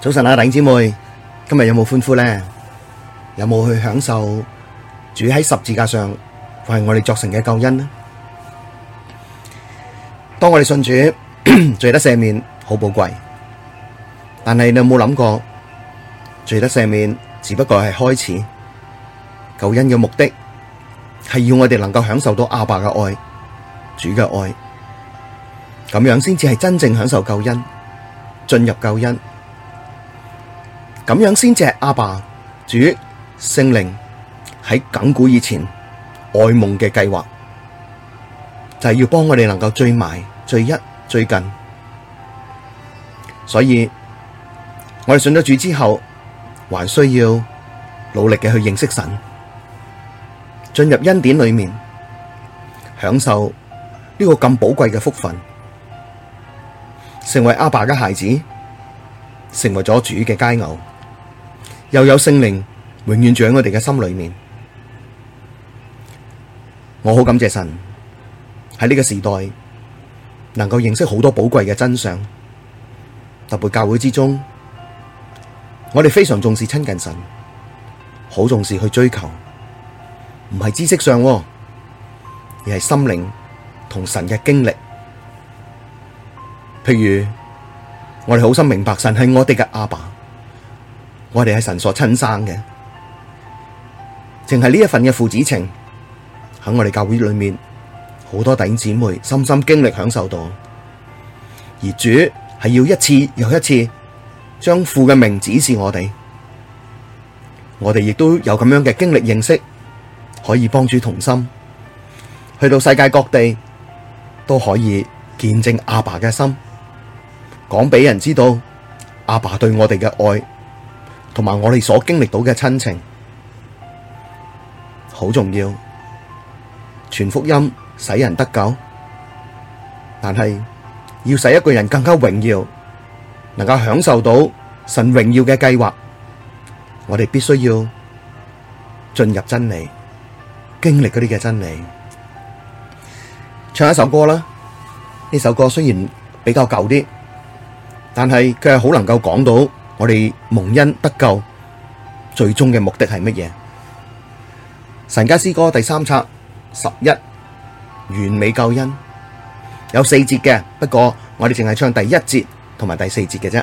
早晨啊，弟兄姊妹，今日有冇歡呼呢？有冇去享受主喺十字架上為我哋作成嘅救恩呢？當我哋信主，罪得赦免好寶貴，但係你有冇諗過，罪得赦免只不過係開始，救恩嘅目的係要我哋能夠享受到阿爸嘅愛，主嘅愛，咁樣先至係真正享受救恩，進入救恩。咁樣先至係阿爸主聖靈喺亙古以前愛夢嘅計劃，就係要幫我哋能夠最埋最一最近。所以，我哋信咗主之後，還需要努力嘅去認識神，進入恩典裏面，享受呢個咁寶貴嘅福分，成為阿爸嘅孩子，成為咗主嘅佳偶。又有聖靈永遠住喺我哋嘅心裏面，我好感謝神喺呢個時代能夠認識好多寶貴嘅真相，特別教會之中，我哋非常重視親近神，好重視去追求，唔係知識上，而係心靈同神嘅經歷。譬如我哋好心明白神係我哋嘅阿爸。我哋係神所親生嘅，淨係呢一份嘅父子情，喺我哋教會裏面，好多弟兄姊妹深深經歷享受到，而主係要一次又一次將父嘅名指示我哋，我哋亦都有咁樣嘅經歷認識，可以幫助同心，去到世界各地都可以見證阿爸嘅心，講俾人知道阿爸對我哋嘅愛。同埋我哋所經歷到嘅親情，好重要。全福音使人得救，但係要使一個人更加榮耀，能夠享受到神榮耀嘅計劃，我哋必須要進入真理，經歷嗰啲嘅真理。唱一首歌啦，呢首歌雖然比較舊啲，但係佢係好能夠講到。我哋蒙恩得救，最終嘅目的係乜嘢？神家詩歌第三冊十一，完美救恩，有四節嘅，不過我哋淨係唱第一節同埋第四節嘅啫。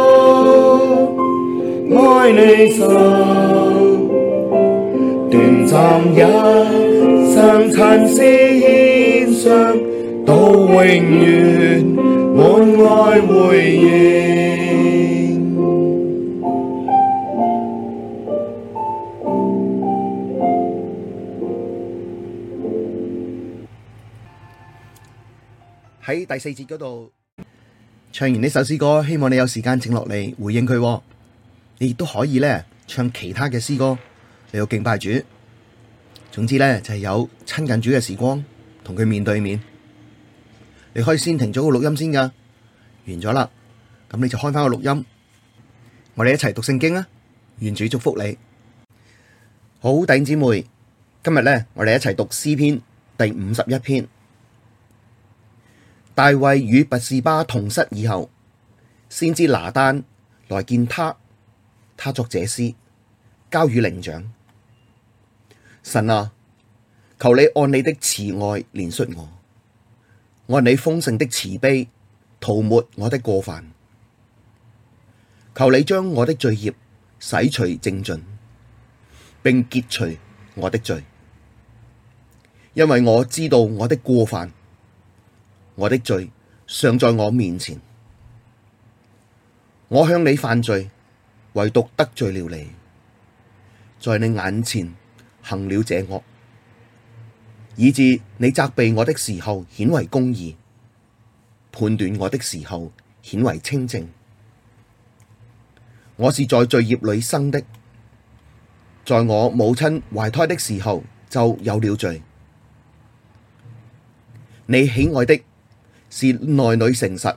愛你深，短暫人生趁時獻上，到永遠滿愛回應。喺第四節嗰度唱完呢首詩歌，希望你有時間靜落嚟回應佢。你亦都可以咧唱其他嘅詩歌，你又敬拜主。總之咧就係有親近主嘅時光，同佢面對面。你可以先停咗個錄音先噶，完咗啦，咁你就開翻個錄音，我哋一齊讀聖經啊。願主祝福你，好，弟兄姊妹。今日咧，我哋一齊讀詩篇第五十一篇。大衛與拔示巴同室以後，先知拿單來見他。他作這詩，交與伶長。神啊，求你按你的慈愛憐恤我，按你豐盛的慈悲塗抹我的過犯。求你將我的罪孽洗除淨盡，並潔除我的罪，因為我知道我的過犯，我的罪常在我面前，我向你犯罪。唯獨得罪了你，在你眼前行了這惡，以致你責備我的時候顯為公義，判斷我的時候顯為清正。我是在罪孽裡生的，在我母親懷胎的時候就有了罪。你喜愛的是內裡誠實，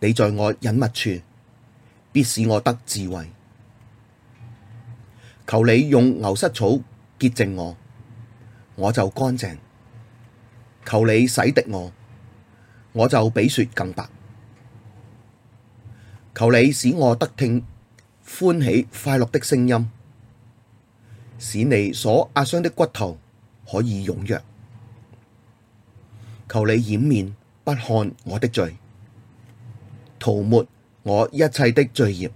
你在我隱密處。必使我得智慧，求你用牛膝草潔淨我，我就乾淨；求你洗滌我，我就比雪更白；求你使我得聽歡喜快樂的聲音，使你所壓傷的骨頭可以踴躍；求你掩面不看我的罪，塗抹。我一切的罪孽，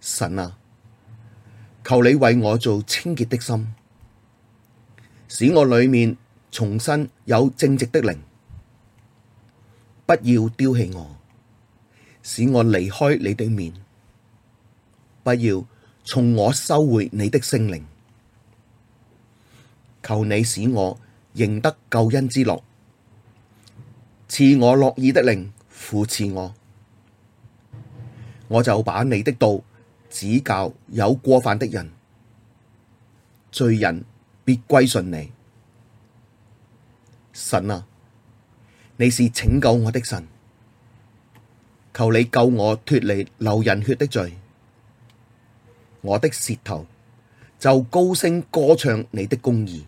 神啊，求你為我造清潔的心，使我裡面重新有正直的靈，不要丟棄我，使我離開你的面，不要從我收回你的聖靈，求你使我仍得救恩之樂，賜我樂意的靈扶持我。我就把你的道指教有過犯的人，罪人必歸順你。神啊，你是拯救我的神，求你救我脫離流人血的罪。我的舌頭就高聲歌唱你的公義，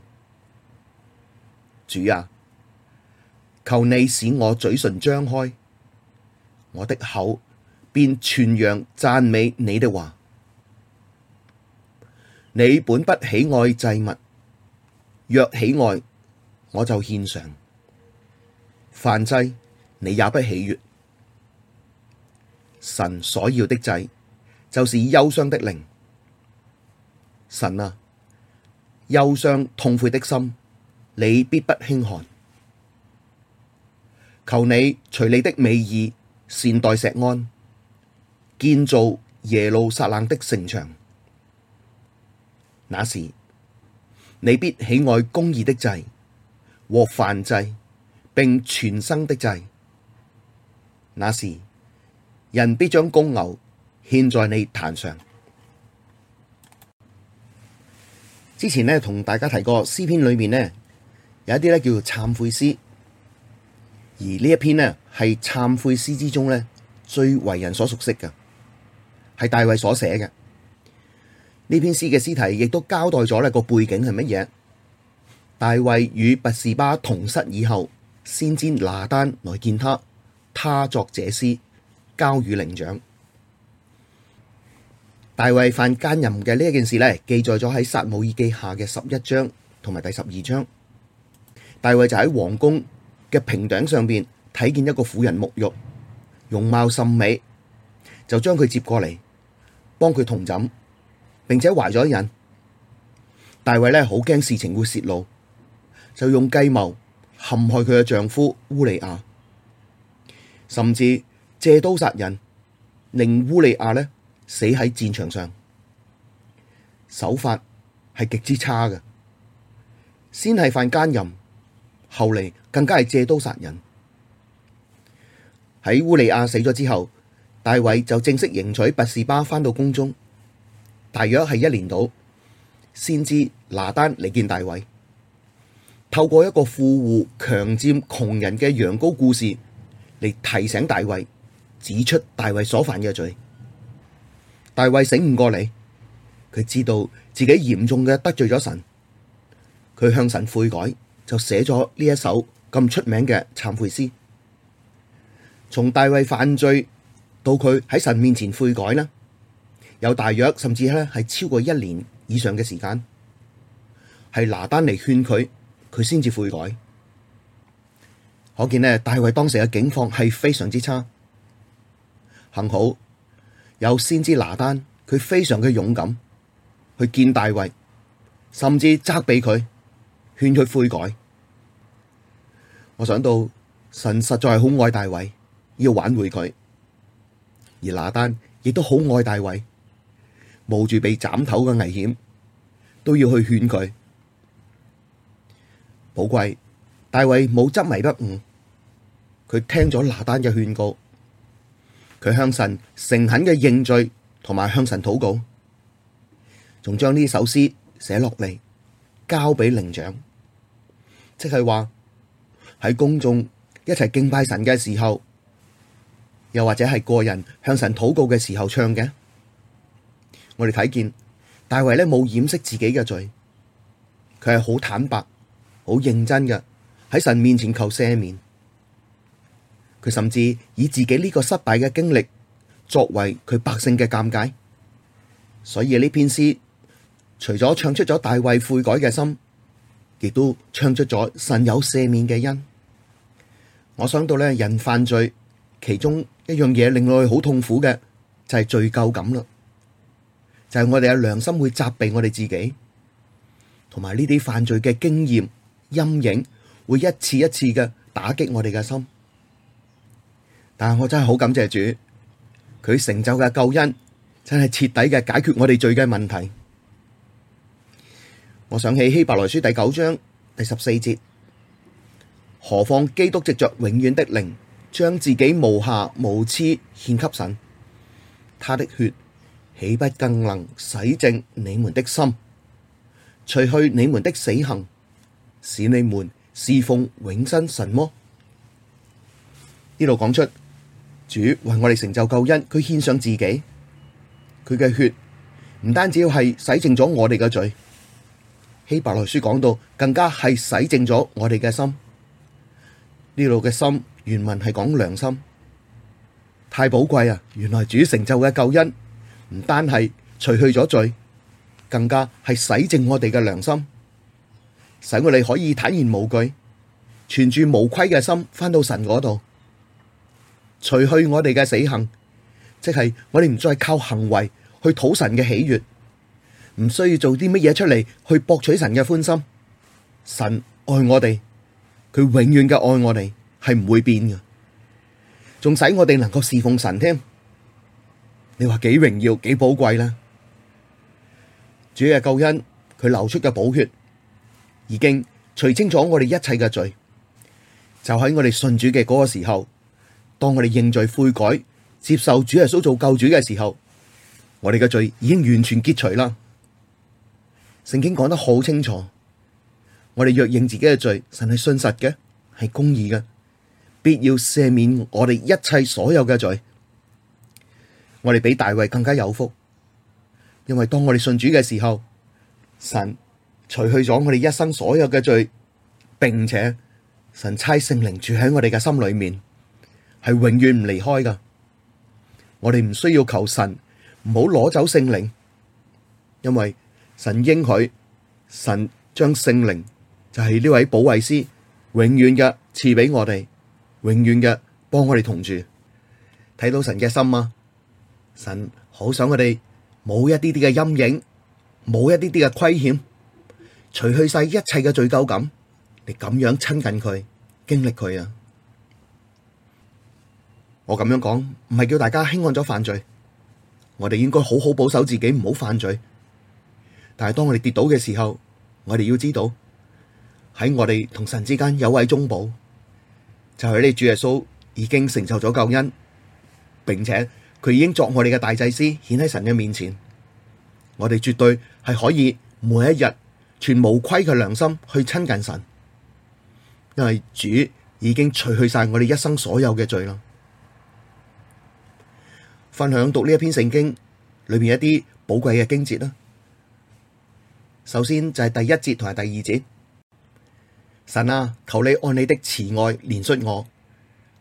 主啊，求你使我嘴唇張開，我的口。便傳揚讚美你的話。你本不喜愛祭物，若喜愛，我就獻上。燔祭，你也不喜悅。神所要的祭，就是憂傷的靈。神啊，憂傷痛悔的心，你必不輕看。求你隨你的美意善待錫安。建造耶路撒冷的城牆，那時你必喜愛公義的祭和燔祭，並全牲的祭。那時人必將公牛獻在你壇上。之前呢同大家提過，詩篇裏面呢，有一啲呢叫做懺悔詩，而呢一篇呢係懺悔詩之中呢，最為人所熟悉嘅。係大衛所寫嘅呢篇詩嘅詩題，亦都交代咗呢個背景係乜嘢。大衛與拔士巴同室以後，先知拿單來見他，他作這詩，交與伶長。大衛犯奸淫嘅呢一件事呢，記載咗喺撒母耳記下嘅十一章同埋第十二章。大衛就喺皇宮嘅平頂上邊睇見一個婦人沐浴，容貌甚美，就將佢接過嚟。幫佢同枕，並且懷咗孕。大衛呢好驚事情會洩露，就用計謀陷害佢嘅丈夫烏利亞，甚至借刀殺人，令烏利亞呢死喺戰場上。手法係極之差嘅，先係犯奸淫，後嚟，更加係借刀殺人。喺烏利亞死咗之後。大衛就正式迎娶拔示巴，翻到宮中，大約係一年度先知拿單嚟見大衛，透過一個富戶強佔窮人嘅羊羔故事嚟提醒大衛，指出大衛所犯嘅罪。大衛醒悟過嚟，佢知道自己嚴重嘅得罪咗神，佢向神悔改，就寫咗呢一首咁出名嘅懺悔詩。從大衛犯罪。到佢喺神面前悔改啦，有大約甚至咧係超過一年以上嘅時間，係拿單嚟勸佢，佢先至悔改。可見呢，大衛當時嘅境況係非常之差，幸好有先知拿單，佢非常嘅勇敢去見大衛，甚至責備佢，勸佢悔改。我想到神實在係好愛大衛，要挽回佢。而拿單亦都好愛大衛，冒住被斬頭嘅危險，都要去勸佢。寶貴，大衛冇執迷不悟，佢聽咗拿單嘅勸告，佢向神誠懇嘅認罪同埋向神禱告，仲將呢首詩寫落嚟，交俾伶長，即係話喺公眾一齊敬拜神嘅時候。又或者係個人向神禱告嘅時候唱嘅，我哋睇見大衛呢冇掩飾自己嘅罪，佢係好坦白、好認真嘅喺神面前求赦免。佢甚至以自己呢個失敗嘅經歷作為佢百姓嘅尷尬，所以呢篇詩除咗唱出咗大衛悔改嘅心，亦都唱出咗神有赦免嘅恩。我想到呢人犯罪。其中一樣嘢令我好痛苦嘅，就係、是、罪疚感啦，就係、是、我哋有良心會責備我哋自己，同埋呢啲犯罪嘅經驗陰影，會一次一次嘅打擊我哋嘅心。但係我真係好感謝主，佢成就嘅救恩真係徹底嘅解決我哋罪嘅問題。我想起希伯來書第九章第十四節，何況基督藉著永遠的靈。將自己無瑕無疵獻給神，他的血豈不更能洗淨你們的心，除去你們的死行，使你們侍奉永生神麼？呢度講出主為我哋成就救恩，佢獻上自己，佢嘅血唔單止要係洗淨咗我哋嘅罪，希伯來書講到更加係洗淨咗我哋嘅心。呢度嘅心。原文係講良心太寶貴啊！原來主成就嘅救恩唔單係除去咗罪，更加係洗淨我哋嘅良心，使我哋可以坦然無懼，存住無愧嘅心，翻到神嗰度，除去我哋嘅死行，即係我哋唔再靠行為去討神嘅喜悅，唔需要做啲乜嘢出嚟去博取神嘅歡心。神愛我哋，佢永遠嘅愛我哋。係唔會變嘅，仲使我哋能夠侍奉神添，你話幾榮耀、幾寶貴啦？主嘅救恩，佢流出嘅寶血，已經除清楚我哋一切嘅罪。就喺我哋信主嘅嗰個時候，當我哋認罪悔改、接受主耶穌做救主嘅時候，我哋嘅罪已經完全潔除啦。聖經講得好清楚，我哋若認自己嘅罪，神係信實嘅，係公義嘅，必要赦免我哋一切所有嘅罪。我哋比大衛更加有福。因為當我哋信主嘅時候，神除去咗我哋一生所有嘅罪，並且神差聖靈住喺我哋嘅心裏面，係永遠唔離開噶。我哋唔需要求神唔好攞走聖靈，因為神應許，神將聖靈就係呢位保惠師永遠嘅賜俾我哋。永遠嘅幫我哋同住，睇到神嘅心啊！神好想我哋冇一啲啲嘅陰影，冇一啲啲嘅虧欠，除去晒一切嘅罪疚感。你咁樣親近佢，經歷佢啊！我咁樣講唔係叫大家輕按咗犯罪，我哋應該好好保守自己，唔好犯罪。但係當我哋跌倒嘅時候，我哋要知道喺我哋同神之間有位中保。就係你主耶穌已經承受咗救恩，並且佢已經作我哋嘅大祭司，顯喺神嘅面前，我哋絕對係可以每一日全無虧嘅良心去親近神，因為主已經除去晒我哋一生所有嘅罪啦。分享讀呢一篇聖經裏面一啲寶貴嘅經節啦。首先就係第一節同埋第二節。神啊，求你按你的慈愛憐恤我，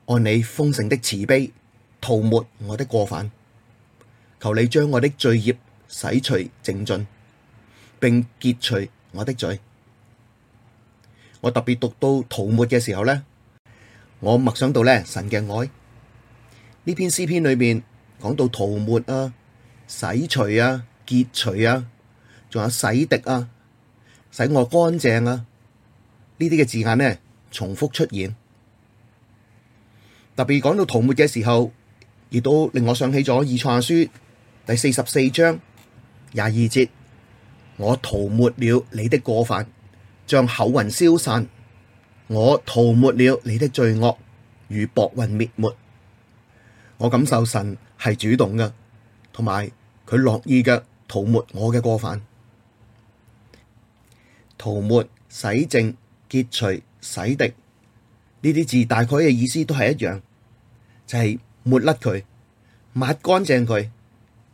按你豐盛的慈悲塗抹我的過犯。求你將我的罪孽洗除淨盡，並潔除我的罪。我特別讀到塗抹嘅時候呢，我默想到咧神嘅愛。呢篇詩篇裏面講到塗抹啊、洗除啊、潔除啊，仲有洗滌啊，使我乾淨啊。呢啲嘅字眼呢，重複出現，特別講到塗抹嘅時候，亦都令我想起咗以賽亞書第四十四章廿二節：我塗抹了你的過犯，像厚雲消散；我塗抹了你的罪惡，如薄雲滅沒。我感受神係主動嘅，同埋佢樂意嘅塗抹我嘅過犯，塗抹洗淨。潔除洗、洗滌呢啲字，大概嘅意思都係一樣，就係、是、抹甩佢、抹乾淨佢，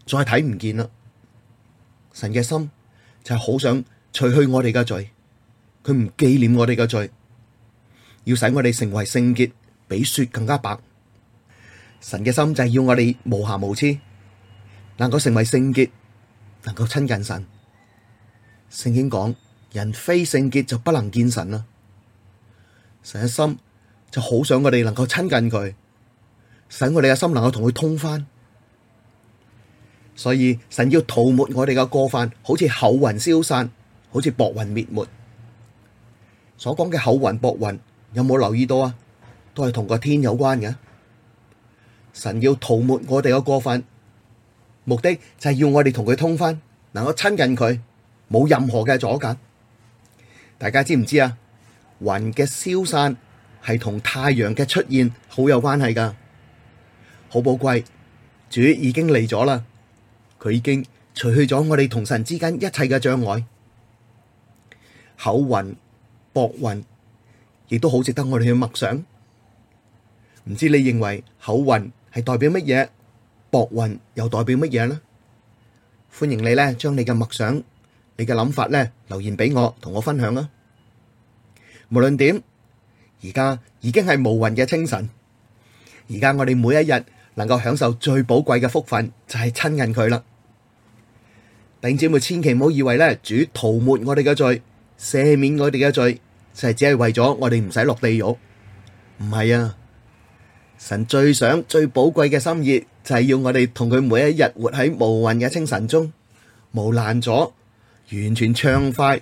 再睇唔見啦。神嘅心就係好想除去我哋嘅罪，佢唔紀念我哋嘅罪，要使我哋成為聖潔，比雪更加白。神嘅心就係要我哋無瑕無疵，能夠成為聖潔，能夠親近神。聖經講。人非聖潔就不能見神啦。神嘅心就好想我哋能夠親近佢，使我哋嘅心能夠同佢通翻。所以神要塗抹我哋嘅過犯，好似厚雲消散，好似薄雲滅沒。所講嘅厚雲薄雲有冇留意到啊？都係同個天有關嘅。神要塗抹我哋嘅過犯，目的就係要我哋同佢通翻，能夠親近佢，冇任何嘅阻隔。大家知唔知啊？雲嘅消散係同太陽嘅出現好有關係噶，好寶貴。主已經嚟咗啦，佢已經除去咗我哋同神之間一切嘅障礙。厚雲、薄雲亦都好值得我哋去默想。唔知你認為厚雲係代表乜嘢？薄雲又代表乜嘢呢？歡迎你咧，將你嘅默想、你嘅諗法咧留言俾我，同我分享啊！無論點，而家已經係無雲嘅清晨。而家我哋每一日能夠享受最寶貴嘅福分，就係親近佢啦。弟兄姊妹，千祈唔好以為咧，主塗抹我哋嘅罪，赦免我哋嘅罪，就係只係為咗我哋唔使落地獄。唔係啊，神最想最寶貴嘅心意，就係要我哋同佢每一日活喺無雲嘅清晨中，無攔阻，完全暢快。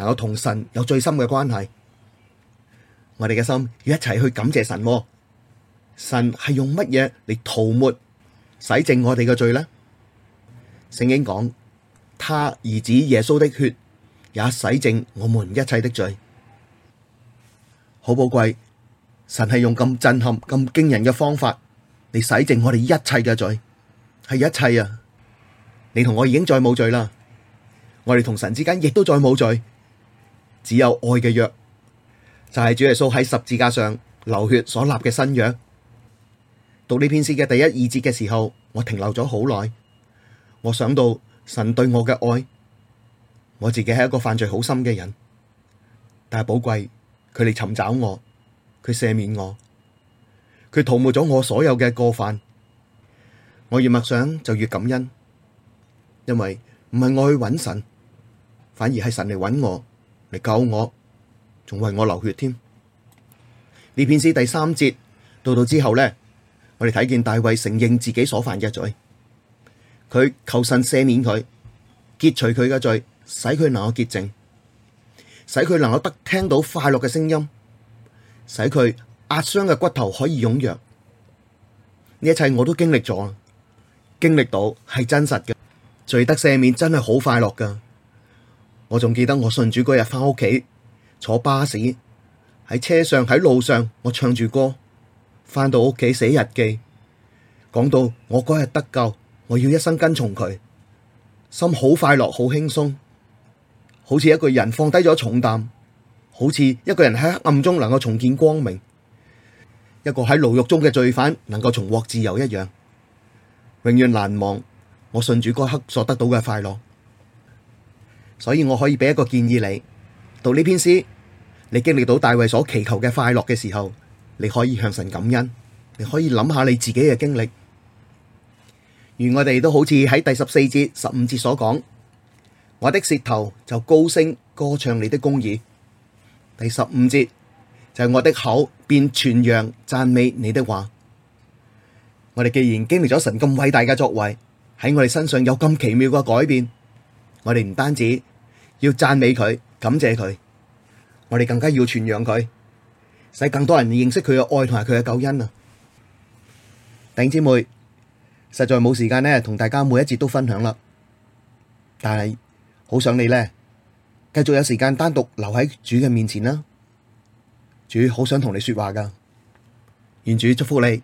能夠同神有最深嘅關係，我哋嘅心要一齊去感謝神啊。神係用乜嘢嚟塗抹洗淨我哋嘅罪呢？聖經講，他兒子耶穌的血也洗淨我們一切的罪，好寶貴。神係用咁震撼、咁驚人嘅方法嚟洗淨我哋一切嘅罪，係一切啊！你同我已經再冇罪啦，我哋同神之間亦都再冇罪。只有愛嘅約就係主耶穌喺十字架上流血所立嘅新約。讀呢篇詩嘅第一二節嘅時候，我停留咗好耐。我想到神對我嘅愛，我自己係一個犯罪好深嘅人，但係寶貴佢嚟尋找我，佢赦免我，佢塗抹咗我所有嘅過犯。我越默想就越感恩，因為唔係我去揾神，反而係神嚟揾我。嚟救我，仲為我流血添。呢篇詩第三節到到之後呢，我哋睇見大衛承認自己所犯嘅罪，佢求神赦免佢，潔除佢嘅罪，使佢能夠潔淨，使佢能夠得聽到快樂嘅聲音，使佢壓傷嘅骨頭可以踊躍。呢一切我都經歷咗，經歷到係真實嘅，罪得赦免真係好快樂㗎。我仲記得我信主嗰日，翻屋企坐巴士，喺車上，喺路上我唱住歌，翻到屋企寫日記，講到我嗰日得救，我要一生跟從佢，心好快樂，好輕鬆，好似一個人放低咗重擔，好似一個人喺黑暗中能夠重見光明，一個喺牢獄中嘅罪犯能夠重獲自由一樣，永遠難忘我信主嗰刻所得到嘅快樂。所以我可以俾一個建議你，讀呢篇詩，你經歷到大衛所祈求嘅快樂嘅時候，你可以向神感恩，你可以諗下你自己嘅經歷。如我哋都好似喺第十四節、十五節所講，我的舌頭就高聲歌唱你的公義。第十五節就係我的口便傳揚讚美你的話。我哋既然經歷咗神咁偉大嘅作為，喺我哋身上有咁奇妙嘅改變，我哋唔單止。要讚美佢，感謝佢，我哋更加要傳揚佢，使更多人認識佢嘅愛同埋佢嘅救恩啊！弟兄姊妹實在冇時間呢，同大家每一節都分享啦，但係好想你咧，繼續有時間單獨留喺主嘅面前啦，主好想同你說話㗎，願主祝福你。